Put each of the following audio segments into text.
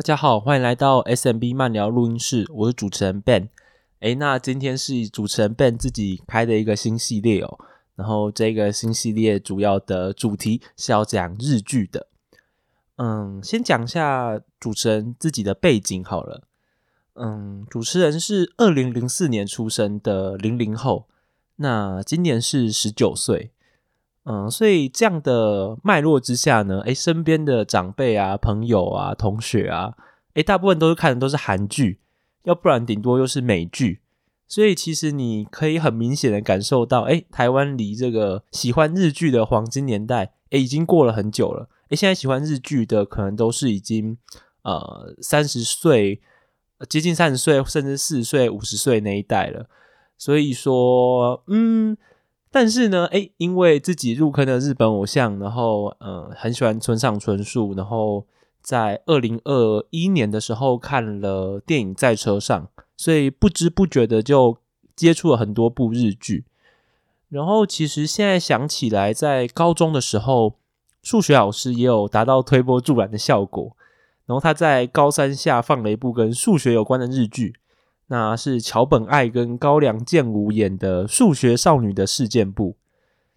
大家好，歡迎來到 S M B 慢聊錄音室，我是主持人 Ben。哎，那今天是主持人 Ben 自己開的一個新系列哦，然後這個新系列主要的主題是要講日劇的。嗯，先講一下主持人自己的背景好了。嗯，主持人是二零零四年出生的零零後，那今年是十九歲。嗯，所以這樣的脈絡之下呢，欸，身邊的長輩啊、朋友啊、同學啊，欸，大部分都是看的都是韓劇，要不然頂多又是美劇。所以其實你可以很明顯的感受到，欸，台灣離這個喜歡日劇的黃金年代，欸，已經過了很久了。欸，現在喜歡日劇的，可能都是已經呃三十歲、接近三十歲，甚至四十歲、五十歲那一代了。所以說，嗯。但是呢，誒，因為自己入坑的日本偶像，然後嗯、呃，很喜歡村上春樹，然後在二零二一年的時候看了電影《在車上》，所以不知不覺的就接觸了很多部日劇。然後其實現在想起來，在高中的時候，數學老師也有達到推波助瀾的效果。然後他在高三下放了一部跟數學有關的日劇。那是橋本愛跟高良健吾演的《數學少女的事件簿》。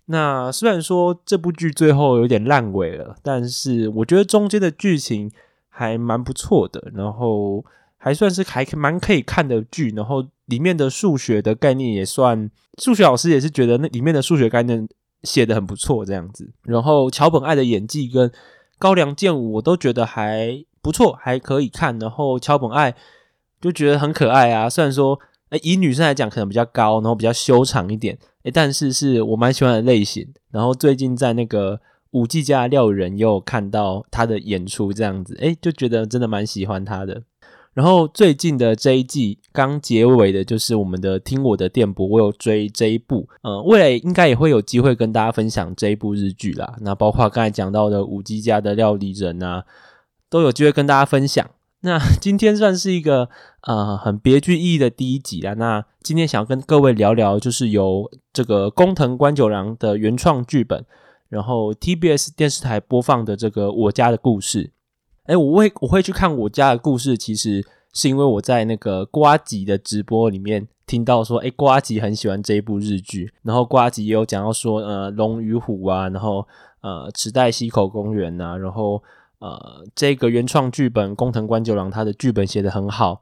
那雖然說這部劇最後有點爛尾了，但是我覺得中間的劇情還蠻不錯的，然後還算是還蠻可以看的劇。然後裡面的數學的概念也算，數學老師也是覺得那裡面的數學概念寫得很不錯這樣子。然後橋本愛的演技跟高良健吾我都覺得還不錯，還可以看。然後橋本愛。就覺得很可愛啊，雖然說，誒、欸、以女生來講可能比較高，然後比較修長一點，誒、欸、但是是我蠻喜歡的類型。然後最近在那個舞伎家的料理人也有看到他的演出，這樣子，哎、欸，就覺得真的蠻喜歡他的。然後最近的這一季剛結尾的，就是我們的聽我的電波，我有追這一部，呃、嗯，未來應該也會有機會跟大家分享這一部日劇啦。那包括剛才講到的舞伎家的料理人啊，都有機會跟大家分享。那今天算是一個呃，很別具意義的第一集啦。那今天想要跟各位聊聊，就是由這個宮藤官九郎的原創劇本，然後 TBS 電視台播放的這個《我家的故事》。哎，我會我會去看《我家的故事》，其實是因為我在那個呱吉的直播裡面聽到說，哎，呱吉很喜歡這一部日劇，然後呱吉也有講到說，呃，龍與虎啊，然後呃，池袋西口公園啊，然後。呃，這個原創劇本，宮藤官九郎他的劇本寫得很好，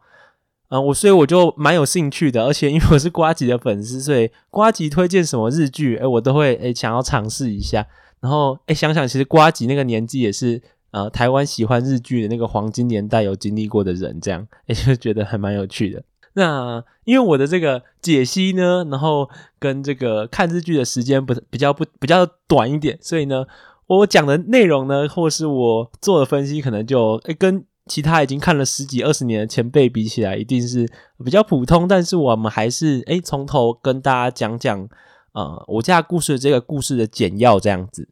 呃，我所以我就蠻有興趣的，而且因為我是呱吉的粉絲，所以呱吉推薦什麼日劇，哎，我都會哎想要嘗試一下。然後哎，想想其實呱吉那個年紀也是呃台灣喜歡日劇的那個黃金年代有經歷過的人，這樣哎就覺得還蠻有趣的。那因為我的這個解析呢，然後跟這個看日劇的時間不比較不比較短一點，所以呢。我講的內容呢，或是我做的分析，可能就哎跟其他已經看了十幾二十年的前輩比起來，一定是比較普通。但是我們還是哎從頭跟大家講講，呃，我家的故事這個故事的簡要這樣子。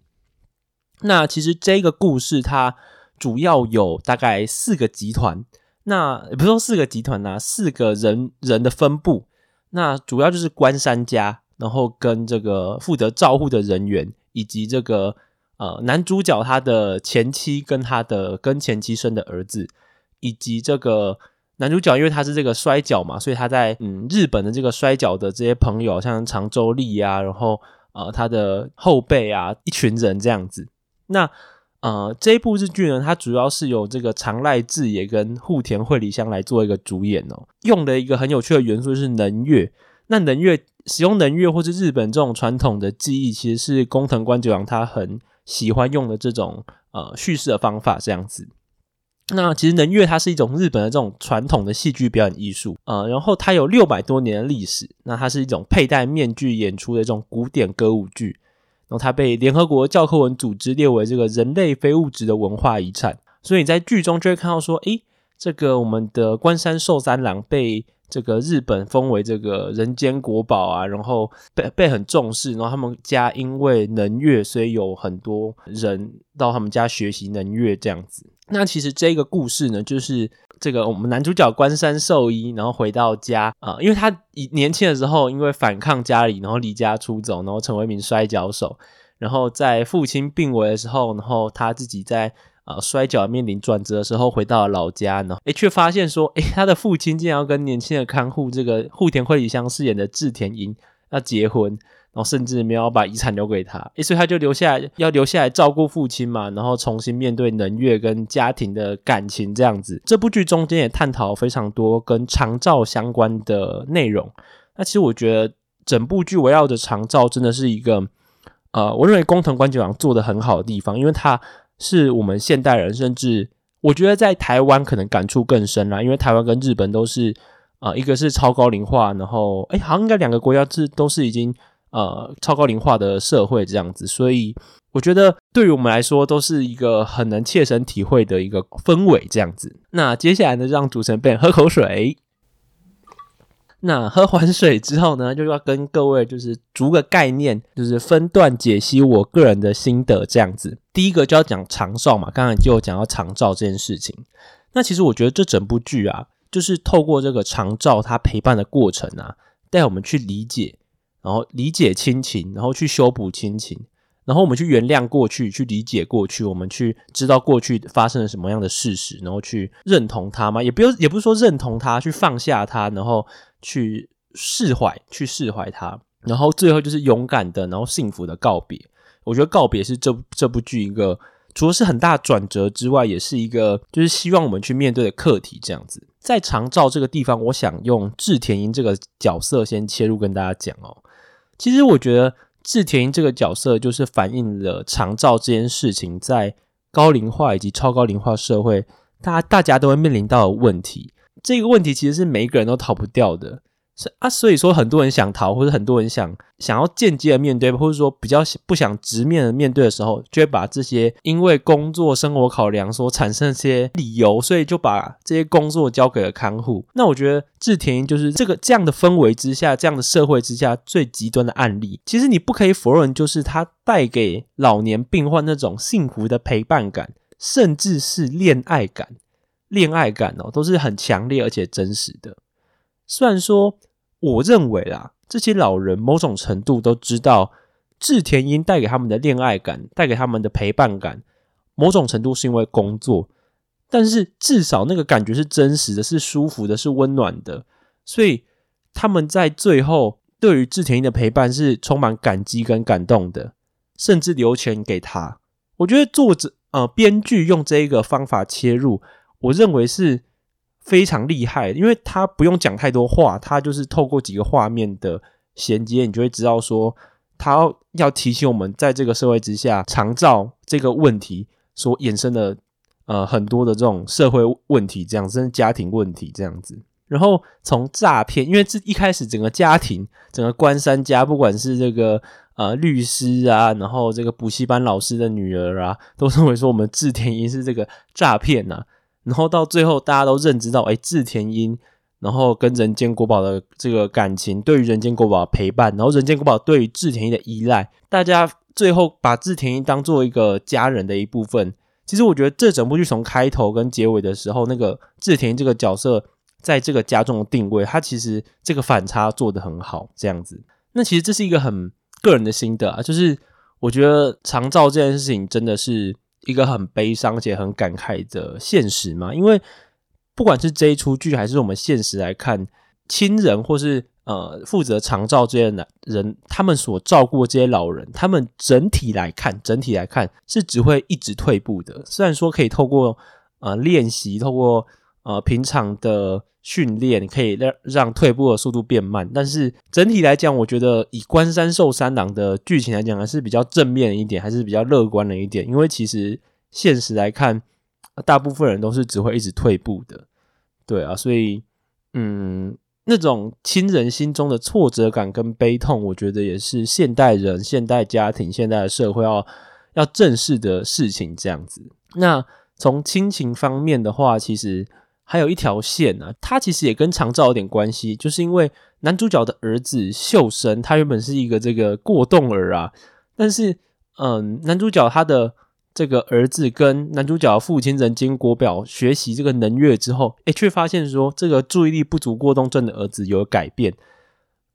那其實這個故事它主要有大概四個集團，那也不說四個集團呢、啊，四個人人的分布，那主要就是觀山家，然後跟這個負責照護的人員以及這個。呃，男主角他的前妻跟他的跟前妻生的兒子，以及這個男主角因為他是這個摔角嘛，所以他在嗯日本的這個摔角的這些朋友，像長周麗長州力啊，然後呃他的後輩啊，一群人這樣子。那呃這一部日劇呢，它主要是由這個長瀨智也跟戶田惠里香來做一個主演哦、喔。用了一個很有趣的元素就是能樂，那能樂使用能樂或是日本這種傳統的技藝，其實是宮藤官九郎他很。喜歡用的這種呃敘事的方法，這樣子。那其實能樂它是一種日本的這種傳統的戲劇表演藝術，呃，然後它有六百多年的歷史。那它是一種佩戴面具演出的這種古典歌舞劇，然後它被聯合國教科文組織列為這個人類非物質的文化遺產。所以你在劇中就會看到說，誒，這個我們的觀山壽三郎被。這個日本封為這個人間國寶啊，然後被被很重視，然後他們家因為能樂，所以有很多人到他們家學習能樂這樣子。那其實這個故事呢，就是這個我們男主角關山壽一，然後回到家啊、呃，因為他以年輕的時候因為反抗家裡，然後離家出走，然後成為一名摔角手，然後在父親病危的時候，然後他自己在。呃，摔角面臨轉折的時候，回到了老家呢，誒，卻發現說，誒，他的父親竟然要跟年輕的看護這個戶田惠梨香飾演的志田英要結婚，然後甚至沒有把遺產留給他，誒，所以他就留下來要留下來照顧父親嘛，然後重新面對能樂跟家庭的感情這樣子。這部劇中間也探討非常多跟長照相關的內容。那其實我覺得整部劇圍繞着長照真的是一個，呃，我認為宮藤官九郎做得很好的地方，因為他。是我們現代人，甚至我覺得在台灣可能感觸更深啦，因為台灣跟日本都是啊、呃，一個是超高齡化，然後哎，好像應該兩個國家是都是已經呃超高齡化的社會這樣子，所以我覺得對於我們來說都是一個很能切身體會的一個氛圍這樣子。那接下來呢，讓主持人 Ben 喝口水。那喝完水之後呢，就要跟各位就是逐個概念，就是分段解析我個人的心得這樣子。第一個就要講長照嘛，剛才就有講到長照這件事情。那其實我覺得這整部劇啊，就是透過這個長照他陪伴的過程啊，帶我們去理解，然後理解親情，然後去修補親情，然後我們去原諒過去，去理解過去，我們去知道過去發生了什麼樣的事實，然後去認同他嘛，也不用，也不是說認同他，去放下他，然後。去釋懷，去釋懷他，然後最後就是勇敢的，然後幸福的告別。我覺得告別是這部這部劇一個除了是很大轉折之外，也是一個就是希望我們去面對的課題這樣子。在長照這個地方，我想用志田英這個角色先切入跟大家講哦。其實我覺得志田英這個角色就是反映了長照這件事情，在高齡化以及超高齡化社會，大家大家都會面臨到的問題。這個問題其實是每一個人都逃不掉的，是啊，所以說很多人想逃，或者很多人想想要間接的面對，或者說比較不想直面的面對的時候，就會把這些因為工作生活考量所產生一些理由，所以就把這些工作交給了看護。那我覺得志田就是這個這樣的氛圍之下，這樣的社會之下最極端的案例。其實你不可以否認，就是他帶給老年病患那種幸福的陪伴感，甚至是戀愛感。戀愛感哦，都是很強烈而且真實的。雖然說，我認為啦，這些老人某種程度都知道，志田英帶給他們的戀愛感，帶給他們的陪伴感，某種程度是因為工作，但是至少那個感覺是真實的，是舒服的，是溫暖的。所以他們在最後對於志田英的陪伴是充滿感激跟感動的，甚至留錢給他。我覺得作者呃，編劇用這一個方法切入。我認為是非常厲害，因為他不用講太多話，他就是透過幾個畫面的銜接，你就會知道說，他要提醒我們在這個社會之下，長照這個問題所衍生的呃很多的這種社會問題，這樣子，甚至家庭問題這樣子。然後從詐騙，因為這一開始整個家庭，整個觀山家，不管是這個呃律師啊，然後這個補習班老師的女兒啊，都認為說我們壽一是這個詐騙吶。然後到最後，大家都認知到，哎，志田英，然後跟人間國寶的這個感情，對於人間國寶的陪伴，然後人間國寶對於志田英的依賴，大家最後把志田英當做一個家人的一部分。其實我覺得這整部劇從開頭跟結尾的時候，那個志田英這個角色在這個家中的定位，他其實這個反差做得很好，這樣子。那其實這是一個很個人的心得啊，就是我覺得長照這件事情真的是。一個很悲傷且很感慨的現實嘛，因為不管是這一出劇，還是我們現實來看，親人或是呃負責長照這些男人，他們所照顧這些老人，他們整體來看，整體來看是只會一直退步的。雖然說可以透過呃練習，透過。呃，平常的訓練，你可以讓讓退步的速度變慢，但是整體來講，我覺得以觀山壽三郎的劇情來講，還是比較正面一點，還是比較樂觀的一點。因為其實現實來看，大部分人都是只會一直退步的，對啊。所以，嗯，那種親人心中的挫折感跟悲痛，我覺得也是現代人、現代家庭、現代社會要要正視的事情。這樣子，那從親情方面的話，其實。還有一條線啊，它其實也跟長照有點關係，就是因為男主角的兒子秀生，他原本是一個這個過動兒啊，但是嗯，男主角他的這個兒子跟男主角父親人間國寶學習這個能樂之後，誒，卻發現說這個注意力不足過動症的兒子有改變，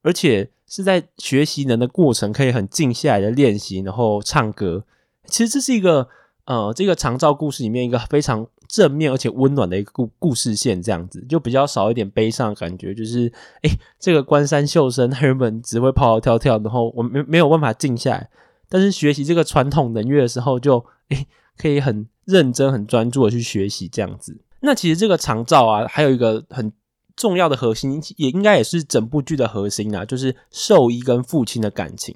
而且是在學習能的過程可以很靜下來的練習，然後唱歌，其實這是一個呃，這個長照故事裡面一個非常，正面而且溫暖的一個故故事線，這樣子就比較少一點悲傷的感覺。就是，誒、欸，這個觀山秀生他原本只會跑跑跳跳，然後我沒沒有辦法靜下來。但是學習這個傳統能樂的時候就，就、欸、誒可以很認真、很專注的去學習這樣子。那其實這個長照啊，還有一個很重要的核心，也應該也是整部劇的核心啊，就是壽一跟父親的感情，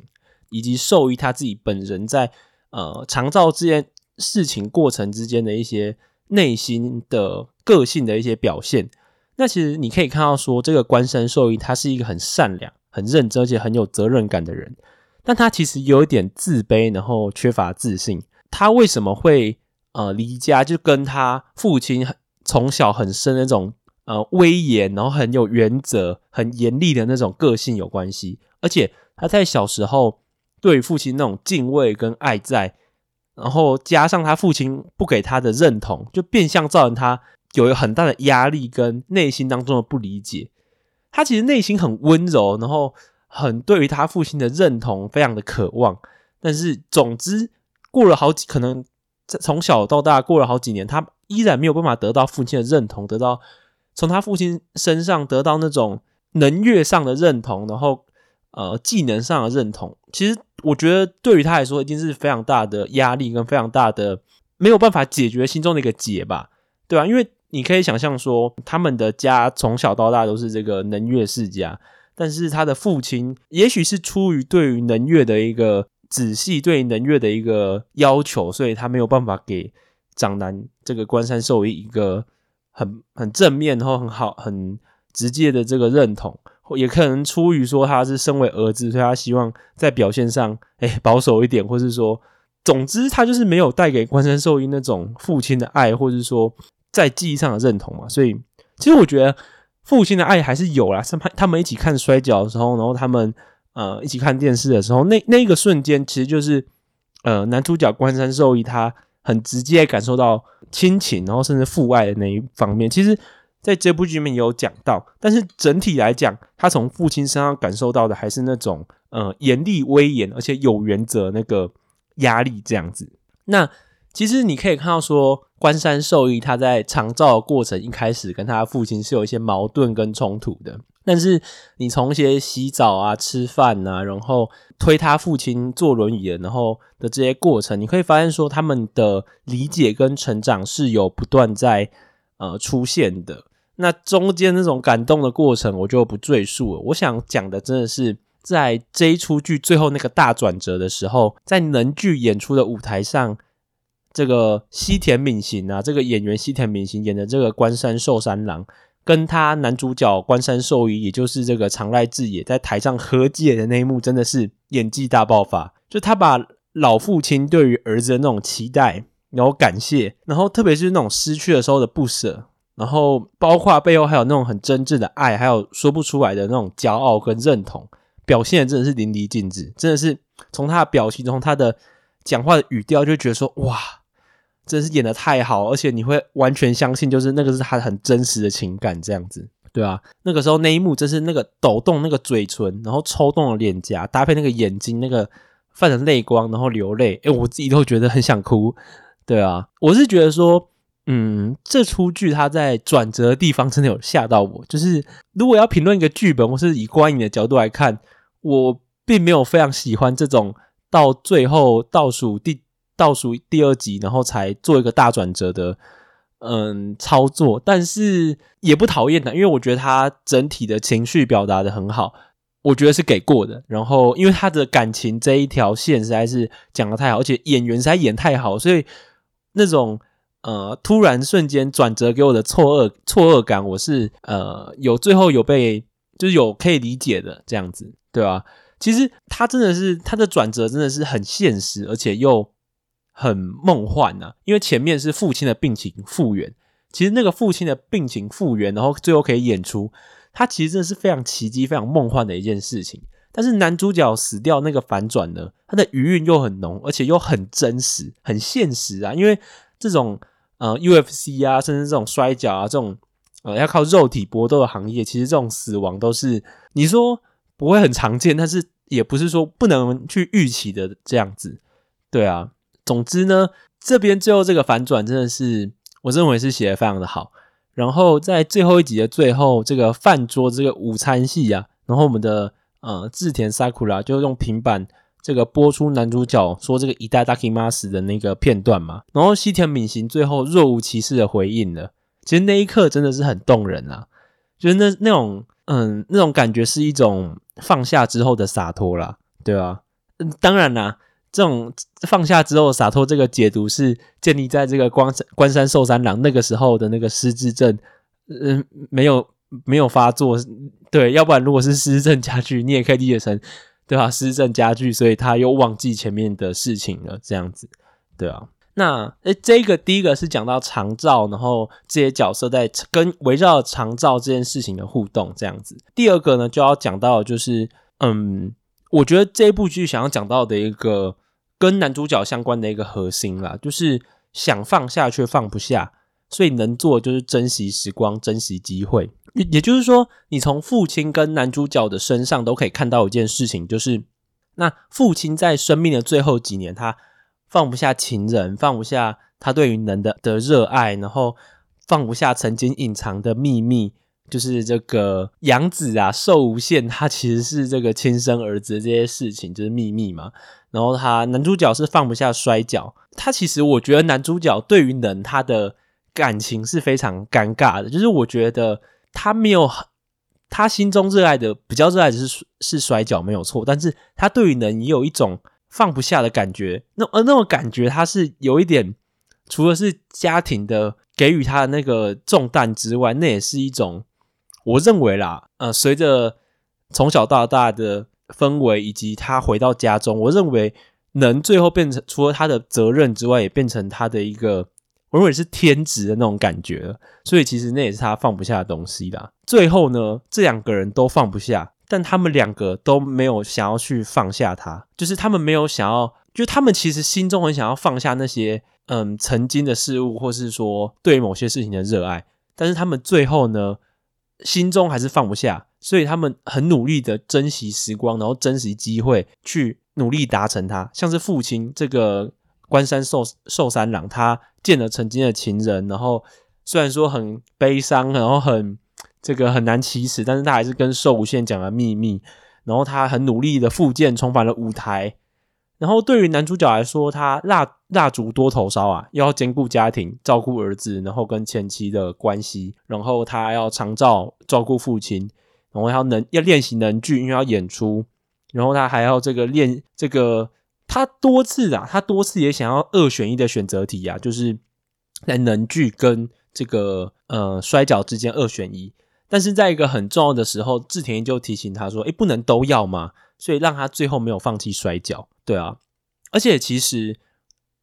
以及壽一他自己本人在呃長照這件事情過程之間的一些。內心的個性的一些表現，那其實你可以看到說，說這個關山獸醫他是一個很善良、很認真而且很有責任感的人，但他其實有一點自卑，然後缺乏自信。他為什麼會呃離家？就跟他父親從小很深那種呃威嚴，然後很有原則、很嚴厲的那種個性有關係，而且他在小時候對父親那種敬畏跟愛在。然後加上他父親不給他的認同，就變相造成他有很大的壓力跟內心當中的不理解。他其實內心很溫柔，然後很對於他父親的認同非常的渴望。但是總之，過了好幾可能從小到大過了好幾年，他依然沒有辦法得到父親的認同，得到從他父親身上得到那種能力上的認同，然後呃技能上的認同。其實。我覺得對於他來說，一定是非常大的壓力，跟非常大的沒有辦法解決心中的一個結吧，對啊，因為你可以想象說，他們的家從小到大都是這個能樂世家，但是他的父親也許是出於對於能樂的一個仔細，對能樂的一個要求，所以他沒有辦法給長男這個觀山壽一一個很很正面，然後很好很直接的這個認同，也可能出於說他是身為兒子，所以他希望在表現上，誒、欸、保守一點，或是說，總之他就是沒有帶給觀山壽一那種父親的愛，或者是說在記憶上的認同嘛。所以，其實我覺得父親的愛還是有啦。他他們一起看摔角的時候，然後他們呃一起看電視的時候，那那個瞬間，其實就是呃男主角觀山壽一他很直接感受到親情，然後甚至父愛的那一方面。其實。在這部劇裡面也有講到，但是整體來講，他從父親身上感受到的還是那種呃嚴厲、威嚴，而且有原則那個壓力這樣子。那其實你可以看到說，說觀山壽一他在長照的過程一開始跟他的父親是有一些矛盾跟衝突的，但是你從一些洗澡啊、吃飯吶、啊，然後推他父親坐輪椅，然後的這些過程，你可以發現說他們的理解跟成長是有不斷在呃出現的。那中間那種感動的過程，我就不贅述了，我想講的真的是在這一出劇最後那個大轉折的時候，在能劇演出的舞台上，這個西田敏行啊，這個演員西田敏行演的這個關山壽三郎，跟他男主角關山壽一，也就是這個長瀨智也，在台上和解的那一幕，真的是演技大爆發。就他把老父親對於兒子的那種期待，然後感謝，然後特別是那種失去的時候的不捨。然後，包括背後還有那種很真摯的愛，還有說不出來的那種驕傲跟認同，表現的真的是淋漓盡致，真的是從他的表情中，從他的講話的語調，就覺得說，哇，真的是演得太好，而且你會完全相信，就是那個是他很真實的情感，這樣子，對啊。那個時候那一幕，就是那個抖動的那個嘴唇，然後抽動了臉頰，搭配那個眼睛那個泛着淚光，然後流淚，哎，我自己都覺得很想哭，對啊，我是覺得說。嗯，這出劇它在轉折的地方真的有嚇到我。就是如果要評論一個劇本，或是以觀影的角度來看，我並沒有非常喜歡這種到最後倒數第倒數第二集，然後才做一個大轉折的嗯操作。但是也不討厭的，因為我覺得他整體的情緒表達的很好，我覺得是給過的。然後因為他的感情這一條線實在是講的太好，而且演員實在演太好，所以那種。呃，突然瞬間轉折給我的錯愕錯愕感，我是呃有最後有被就是有可以理解的這樣子，對啊。其實他真的是他的轉折真的是很現實，而且又很夢幻啊。因為前面是父親的病情復原，其實那個父親的病情復原，然後最後可以演出，他其實真的是非常奇蹟、非常夢幻的一件事情。但是男主角死掉那個反轉呢，他的餘韻又很濃，而且又很真實、很現實啊。因為這種。呃，UFC 啊，甚至這種摔角啊，這種呃要靠肉體搏鬥的行業，其實這種死亡都是你說不會很常見，但是也不是說不能去預期的這樣子，對啊。總之呢，這邊最後這個反轉真的是我認為是寫得非常的好。然後在最後一集的最後，這個飯桌這個午餐戲啊，然後我們的呃志田塞庫拉就用平板。這個播出男主角說這個一代大金馬死的那個片段嘛，然後西田敏行最後若無其事的回應了，其實那一刻真的是很動人啊，就是那那種嗯那種感覺是一種放下之後的灑脫啦。對啊，嗯、當然啦，這種放下之後的灑脫這個解讀是建立在這個關關山壽三郎那個時候的那個失智症，嗯，沒有沒有發作，對，要不然如果是失智症加劇，你也可以理解成。對啊，失智加劇，所以他又忘記前面的事情了，這樣子。對啊，那誒、欸，這個第一個是講到長照，然後這些角色在跟圍繞長照這件事情的互動，這樣子。第二個呢，就要講到的就是，嗯，我覺得這一部劇想要講到的一個跟男主角相關的一個核心啦，就是想放下卻放不下，所以能做的就是珍惜時光，珍惜機會。也就是說，你從父親跟男主角的身上都可以看到一件事情，就是那父親在生命的最後幾年，他放不下情人，放不下他對於能的的熱愛，然後放不下曾經隱藏的秘密，就是這個養子啊，壽限無，他其實是這個親生兒子，這些事情就是秘密嘛。然後他男主角是放不下摔角，他其實我覺得男主角對於能他的感情是非常尷尬的，就是我覺得。他沒有，他心中熱愛的比較熱愛的是是摔跤，沒有錯。但是，他對於能也有一種放不下的感覺。那呃，那種感覺，他是有一點，除了是家庭的給予他的那個重擔之外，那也是一種我認為啦。呃，隨着從小到大的氛圍，以及他回到家中，我認為能最後變成除了他的責任之外，也變成他的一個。我認為是天職的那種感覺了，所以其實那也是他放不下的東西啦。最後呢，這兩個人都放不下，但他們兩個都沒有想要去放下他，就是他們沒有想要，就他們其實心中很想要放下那些嗯，曾經的事物，或是說對某些事情的熱愛，但是他們最後呢，心中還是放不下，所以他們很努力的珍惜時光，然後珍惜機會，去努力達成他，像是父親這個。觀山壽壽三郎，他見了曾經的情人，然後雖然說很悲傷，然後很這個很難啟齒，但是他還是跟壽限無講了秘密。然後他很努力的復健，重返了舞台。然後對於男主角來說，他蠟蠟燭多頭燒啊，要兼顧家庭，照顧兒子，然後跟前妻的關係，然後他要長照照顧父親，然後要能要練習能劇，因為要演出，然後他還要這個練這個。他多次啊，他多次也想要二選一的選擇題啊，就是在能劇跟這個呃摔角之間二選一。但是在一個很重要的時候，志田一就提醒他說：“哎、欸，不能都要嗎？”所以讓他最後沒有放棄摔角。對啊，而且其實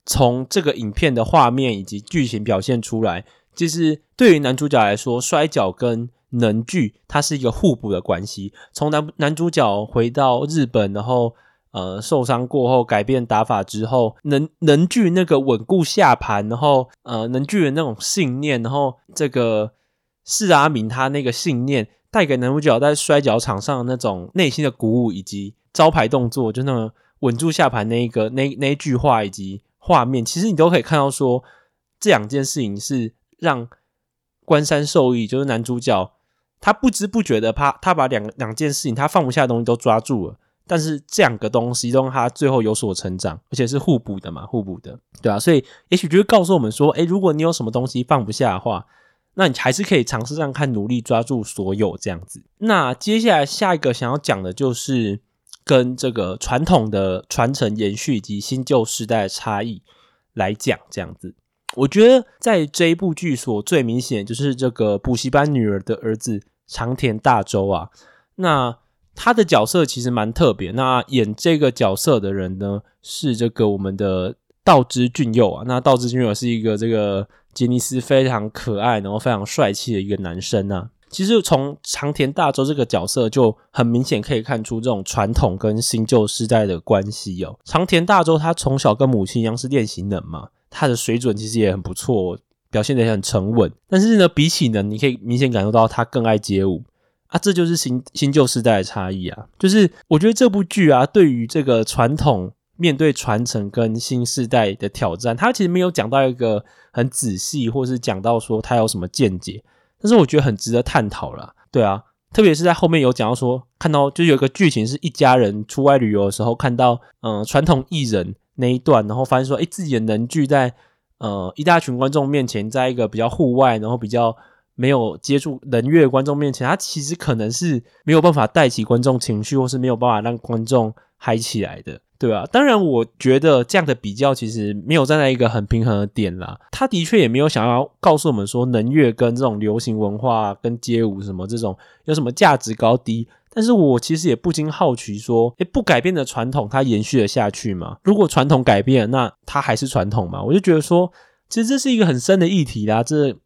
從這個影片的畫面以及劇情表現出來，其實對於男主角來說，摔角跟能劇它是一個互補的關係。從男男主角回到日本，然後。呃，受傷過後改變打法之後，能能據那個穩固下盤，然後呃，能據的那種信念，然後這個是阿明他那個信念帶給男主角在摔角場上的那種內心的鼓舞，以及招牌動作，就那種穩住下盤那一個那、那一句話以及畫面，其實你都可以看到說，這兩件事情是讓觀山壽一，就是男主角他不知不覺的，怕，他把兩兩件事情他放不下的東西都抓住了。但是這兩個東西都讓他最後有所成長，而且是互補的嘛，互補的，對吧，啊？所以也許就是告訴我們說，誒、欸、如果你有什麼東西放不下的話，那你還是可以嘗試讓他看，努力抓住所有這樣子。那接下來下一個想要講的就是跟這個傳統的傳承延續以及新舊時代的差異來講這樣子。我覺得在這一部劇所最明顯就是這個補習班女兒的兒子長田大周啊，那。他的角色其實蠻特別，那演這個角色的人呢，是這個我們的道枝駿佑啊。那道枝駿佑是一個這個傑尼斯非常可愛，然後非常帥氣的一個男生啊。其實從長田大周這個角色就很明顯可以看出這種傳統跟新舊世代的關係哦。長田大周他從小跟母親一樣是練習能嘛，他的水準其實也很不錯，表現得也很沉穩。但是呢，比起能，你可以明顯感受到他更愛街舞。啊，這就是新新舊時代的差異啊！就是我覺得這部劇啊，對於這個傳統面對傳承跟新時代的挑戰，它其實沒有講到一個很仔細，或是講到說它有什麼見解。但是我覺得很值得探討啦。對啊，特別是在後面有講到說，看到就是有一個劇情是一家人出外旅遊的時候，看到嗯、呃、傳統藝人那一段，然後發現說，哎，自己的能劇在呃一大群觀眾面前，在一個比較戶外，然後比較。沒有接觸能樂的觀眾面前，他其實可能是沒有辦法帶起觀眾情緒，或是沒有辦法讓觀眾嗨起來的，對啊。當然，我覺得這樣的比較其實沒有站在一個很平衡的點啦。他的確也沒有想要告訴我們說，能樂跟這種流行文化、跟街舞什麼這種有什麼價值高低。但是我其實也不禁好奇說，誒，不改變的傳統它延續了下去嘛。如果傳統改變了，那它還是傳統嘛。我就覺得說，其實這是一個很深的議題啦。這。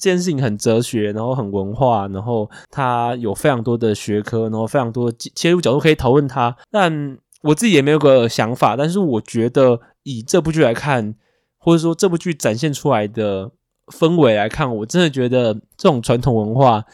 這件事情很哲學，然後很文化，然後他有非常多的學科，然後非常多切入角度可以討論它。但我自己也沒有個想法，但是我覺得以這部劇來看，或者說這部劇展現出來的氛圍來看，我真的覺得這種傳統文化，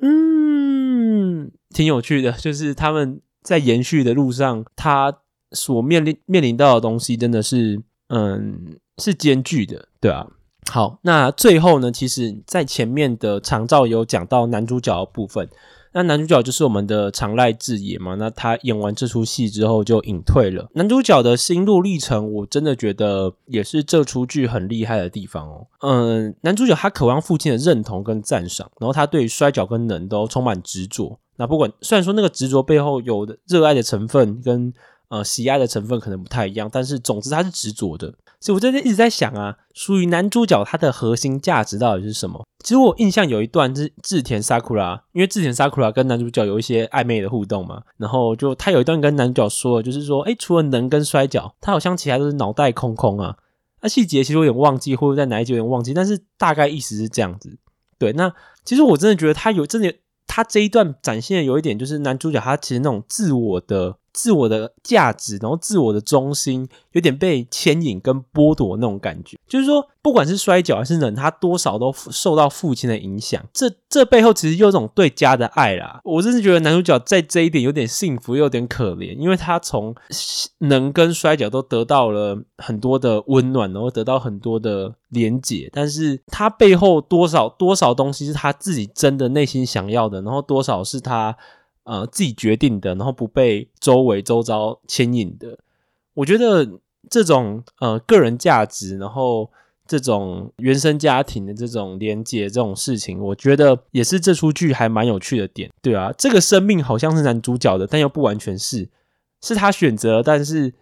嗯，挺有趣的。就是他們在延續的路上，他所面臨面臨到的東西，真的是，嗯，是艱巨的，對啊。好，那最後呢？其實在前面的長照有講到男主角的部分，那男主角就是我們的長瀨智也嘛。那他演完這出戲之後就隱退了。男主角的心路歷程，我真的覺得也是這出劇很厲害的地方哦。嗯，男主角他渴望父親的認同跟讚賞，然後他對於摔角跟能，都充滿執着。那不管雖然說那個執着背後有的熱愛的成分跟呃喜愛的成分可能不太一樣，但是總之他是執着的。所以，我真的一直在想啊，屬於男主角他的核心價值到底是什麼？其實我印象有一段是志田沙庫拉，因為志田沙庫拉跟男主角有一些曖昧的互動嘛，然後就他有一段跟男主角說，就是說，哎、欸，除了能跟摔角，他好像其他都是腦袋空空啊。那細節其實有點忘記，或者在哪一集有點忘記，但是大概意思是這樣子。對，那其實我真的覺得他有真的有，他這一段展現的有一點就是男主角他其實那種自我的。自我的價值，然後自我的中心，有點被牽引跟剝奪那種感覺。就是說，不管是摔角還是能，他多少都受到父親的影響。這這背後其實有一種對家的愛啦。我甚至覺得男主角在這一點有點幸福，有點可憐，因為他從能跟摔角都得到了很多的溫暖，然後得到很多的連結。但是他背後多少多少東西是他自己真的內心想要的，然後多少是他。呃，自己決定的，然後不被周圍周遭牽引的，我覺得這種呃個人價值，然後這種原生家庭的這種連接這種事情，我覺得也是這出劇還蠻有趣的點，對啊。這個生命好像是男主角的，但又不完全是，是他選擇，但是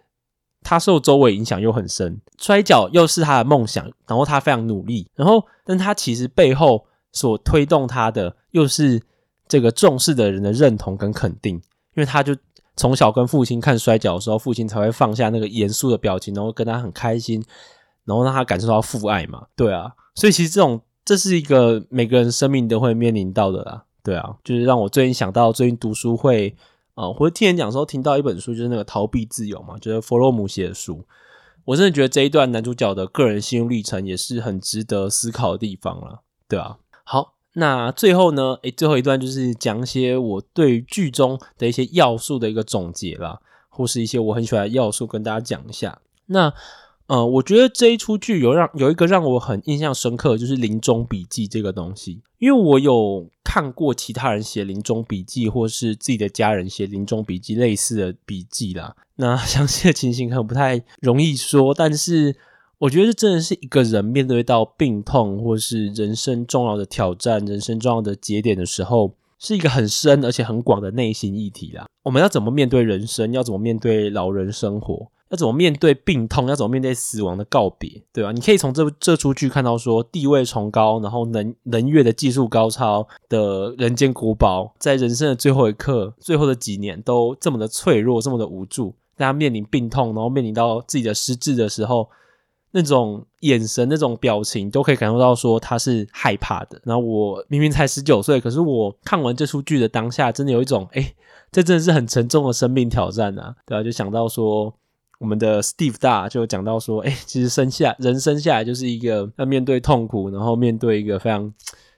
他受周圍影響又很深。摔角又是他的夢想，然後他非常努力，然後但他其實背後所推動他的又是。這個重視的人的認同跟肯定，因為他就從小跟父親看摔角的時候，父親才會放下那個嚴肅的表情，然後跟他很開心，然後讓他感受到父愛嘛。對啊，所以其實這種這是一個每個人生命都會面臨到的啦。對啊，就是讓我最近想到，最近讀書會啊，我、呃、或是聽人講的時候聽到一本書，就是那個逃避自由嘛，就是弗洛姆寫的書。我真的覺得這一段男主角的個人心路歷程也是很值得思考的地方了。對啊，好。那最後呢？哎、欸，最後一段就是講一些我對劇中的一些要素的一個總結啦，或是一些我很喜歡的要素跟大家講一下。那呃，我覺得這一出劇有讓，有一個讓我很印象深刻，就是臨終筆記這個東西，因為我有看過其他人寫臨終筆記，或是自己的家人寫臨終筆記類似的筆記啦。那詳細的情形可能不太容易說，但是。我覺得這真的是一個人面對到病痛，或者是人生重要的挑戰、人生重要的節點的時候，是一個很深而且很廣的內心議題啦。我們要怎麼面對人生？要怎麼面對老人生活？要怎麼面對病痛？要怎麼面對死亡的告別？對吧、啊？你可以從這部這出劇看到說，地位崇高，然後能能樂的技術高超的人間國寶，在人生的最後一刻、最後的幾年，都這麼的脆弱，這麼的無助。大家面臨病痛，然後面臨到自己的失智的時候。那種眼神、那種表情，都可以感受到說他是害怕的。然後我明明才十九歲，可是我看完這出劇的當下，真的有一種，哎，這真的是很沉重的生命挑戰啊！對啊，就想到說，我們的 Steve 大就講到說，哎，其實生下人生下來就是一個要面對痛苦，然後面對一個非常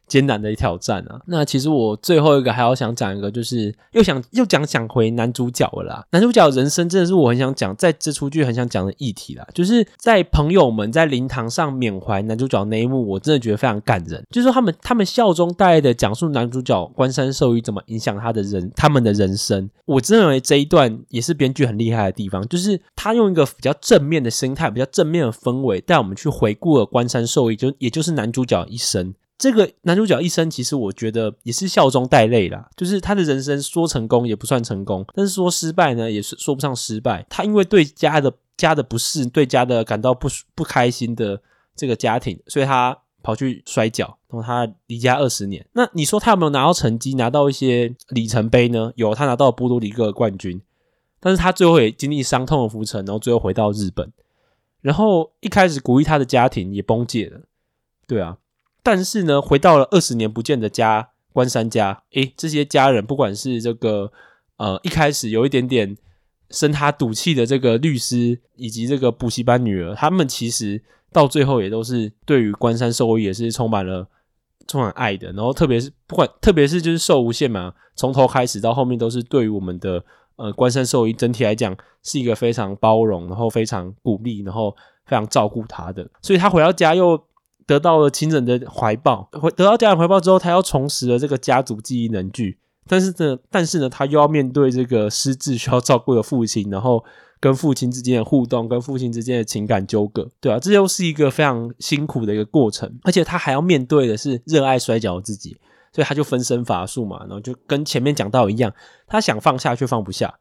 艱難的一挑戰啊！那其實我最後一個還要想講一個，就是又想又講，想回男主角了啦。男主角的人生真的是我很想講，在這出劇很想講的議題啦。就是在朋友們在靈堂上緬懷男主角那一幕，我真的覺得非常感人。就是說他們他們笑中帶淚的講述男主角關山壽一怎麼影響他的人他們的人生。我真認為這一段也是編劇很厲害的地方，就是他用一個比較正面的心態，比較正面的氛圍帶我們去回顧了關山壽一就也就是男主角一生。這個男主角一生其實我覺得也是笑中帶淚啦，就是他的人生說成功也不算成功，但是說失敗呢也是說不上失敗。他因為對家的家的不適，對家的感到不不開心的這個家庭，所以他跑去摔角，然後他離家二十年。那你說他有沒有拿到成績，拿到一些里程碑呢？有，他拿到了波多黎各冠軍，但是他最後也經歷傷痛的浮沉，然後最後回到日本，然後一開始鼓勵他的家庭也崩解了。對啊。但是呢，回到了二十年不見的家，觀山家，誒，這些家人，不管是這個呃一開始有一點點生他賭氣的這個律師，以及這個補習班女兒，他們其實到最後也都是對於觀山壽一也是充滿了充滿了愛的。然後特別是不管特別是就是受無限嘛，從頭開始到後面都是對於我們的呃觀山壽一整體來講是一個非常包容，然後非常鼓勵，然後非常照顧他的。所以他回到家又。得到了親人的懷抱，回得到家人懷抱之後，他要重拾了這個家族記憶凝聚。但是呢，但是呢，他又要面對這個失智需要照顧的父親，然後跟父親之間的互動，跟父親之間的情感糾葛，對啊，這又是一個非常辛苦的一個過程。而且他還要面對的是熱愛摔跤的自己，所以他就分身乏術嘛。然後就跟前面講到一樣，他想放下卻放不下。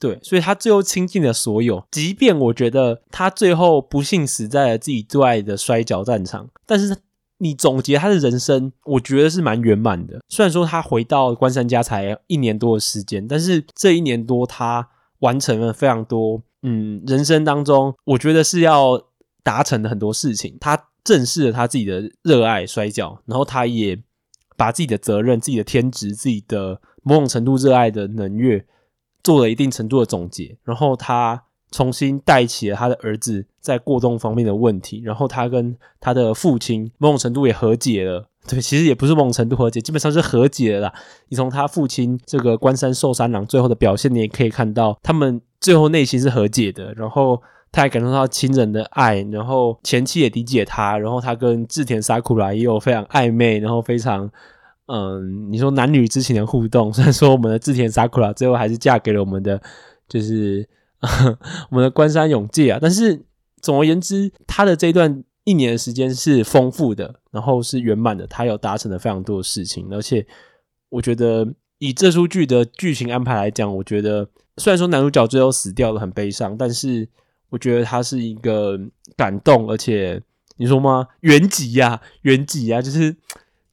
對，所以他最後傾盡了所有。即便我覺得他最後不幸死在了自己最愛的摔角戰場，但是你總結他的人生，我覺得是蠻圓滿的。雖然說他回到觀山家才一年多的時間，但是這一年多他完成了非常多，嗯，人生當中我覺得是要達成的很多事情。他正視了他自己的熱愛摔角，然後他也把自己的責任、自己的天職、自己的某種程度熱愛的能樂。做了一定程度的總結，然後他重新帶起了他的兒子在過動方面的問題，然後他跟他的父親某種程度也和解了。對，其實也不是某種程度和解，基本上是和解了啦。你從他父親這個觀山壽三郎最後的表現，你也可以看到，他們最後內心是和解的。然後他還感受到親人的愛，然後前妻也理解他，然後他跟志田薩庫拉也有非常曖昧，然後非常。嗯，你說男女之情的互動，雖然說我們的志田沙庫拉最後還是嫁給了我們的，就是我們的觀山永介啊，但是總而言之，他的這一段一年的時間是豐富的，然後是圓滿的，他有達成了非常多的事情，而且我覺得以這出劇的劇情安排來講，我覺得雖然說男主角最後死掉了，很悲傷，但是我覺得他是一個感動，而且你說嗎？原籍呀、啊，原籍啊，就是。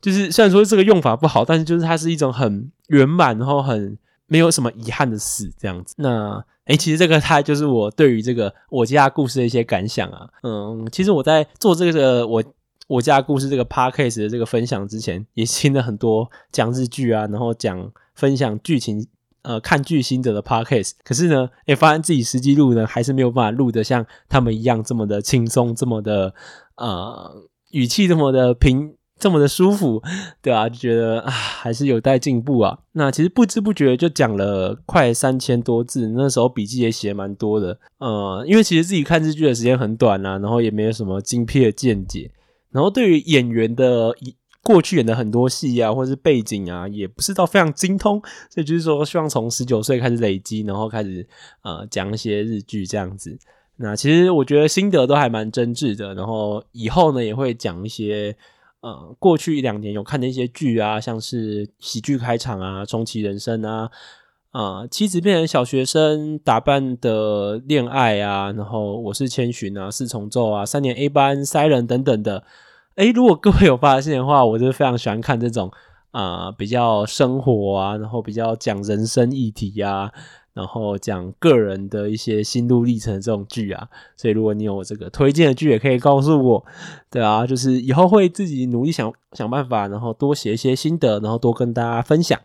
就是雖然說這個用法不好，但是就是它是一種很圓滿，然後很沒有什麼遺憾的事這樣子。那誒、欸，其實這個它就是我對於這個我家故事的一些感想啊。嗯，其實我在做這個我我家故事這個 Podcast 的這個分享之前，也聽了很多講日劇啊，然後講分享劇情呃看劇心得的 Podcast。可是呢，也發現自己實際錄呢還是沒有辦法錄得像他們一樣這麼的輕鬆，這麼的呃，語氣這麼的平。這麼的舒服，對啊，就覺得啊，還是有待進步啊。那其實不知不覺就講了快三千多字，那時候筆記也寫蠻多的。呃，因為其實自己看日劇的時間很短啊，然後也沒有什麼精闢的見解。然後對於演員的過去演的很多戲啊，或是背景啊，也不是到非常精通。所以就是說，希望從十九歲開始累積，然後開始，呃，講一些日劇這樣子。那其實我覺得心得都還蠻真摯的。然後以後呢，也會講一些。呃、嗯，過去一兩年有看的一些劇啊，像是喜劇開場啊，重啟人生啊，啊、嗯，妻子變成小學生打扮的戀愛啊，然後我是千尋啊，四重奏啊，三年 A 班塞人等等的。哎、欸，如果各位有發現的話，我就非常喜歡看這種啊、嗯，比較生活啊，然後比較講人生議題啊。然後講個人的一些心路歷程的這種劇啊，所以如果你有這個推薦的劇，也可以告訴我。對啊，就是以後會自己努力想想辦法，然後多寫一些心得，然後多跟大家分享。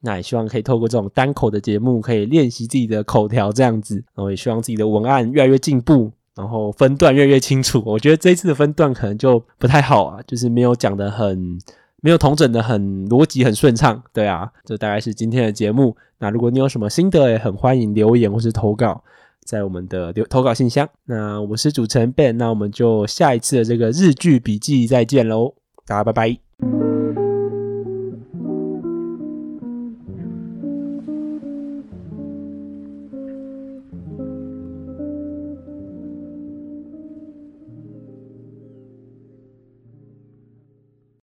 那也希望可以透過這種單口的節目，可以練習自己的口條這樣子。然後也希望自己的文案越來越進步，然後分段越來越清楚。我覺得這一次的分段可能就不太好啊，就是沒有講得很。沒有統整的很邏輯很順暢，對啊，這大概是今天的節目。那如果你有什麼心得，也很歡迎留言或是投稿在我們的投投稿信箱。那我是主持人 Ben，那我們就下一次的這個日劇筆記再見嘍，大家拜拜。